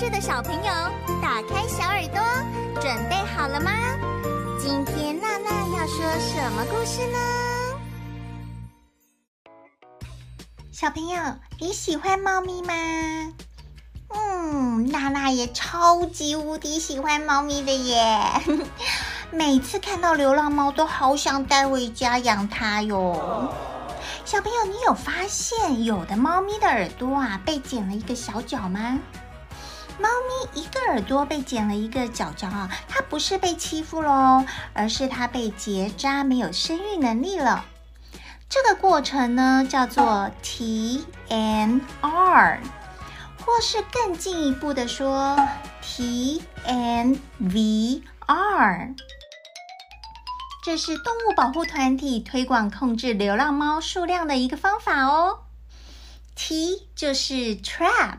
是的小朋友，打開小耳朵，準備好了嗎？今天娜娜要說什麼故事呢？小朋友，你喜歡貓咪嗎？嗯，娜娜也超級無敵喜歡貓咪的耶！每次看到流浪貓，都好想帶回家養它喲。小朋友，你有發現有的貓咪的耳朵啊，被剪了一個小角嗎？貓咪一個耳朵被剪了，一個腳腳啊，它不是被欺負嘍，而是它被結扎，沒有生育能力了。這個過程呢叫做 T N R，或是更進一步的說 T N V R。這是動物保護團體推廣控制流浪貓數量的一個方法哦。T 就是 Trap。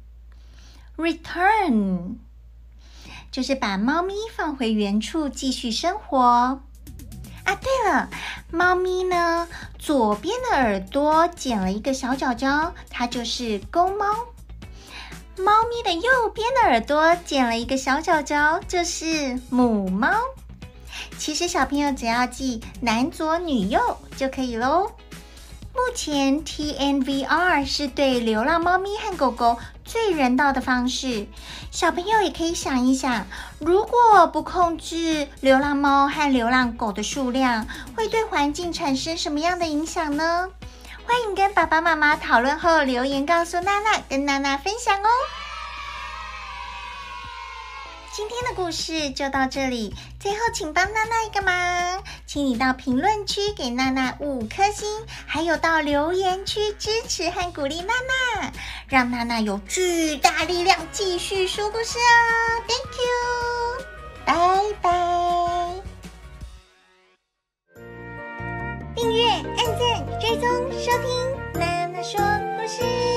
Return 就是把貓咪放回原處，繼續生活。啊，對了，貓咪呢，左邊的耳朵剪了一個小角角，它就是公貓；貓咪的右邊的耳朵剪了一個小角角，就是母貓。其實小朋友只要記男左女右就可以嘍。目前 TNVR 是對流浪貓咪和狗狗最人道的方式。小朋友也可以想一想，如果不控制流浪貓和流浪狗的數量，會對環境產生什麼樣的影響呢？歡迎跟爸爸媽媽討論後留言告訴娜娜，跟娜娜分享哦。今天的故事就到這裡。最後，請幫娜娜一個忙，請你到評論區給娜娜五顆星，還有到留言區支持和鼓勵娜娜，讓娜娜有巨大力量繼續說故事哦。Thank you，拜拜。訂閱、按贊、追蹤、收聽，娜娜說故事。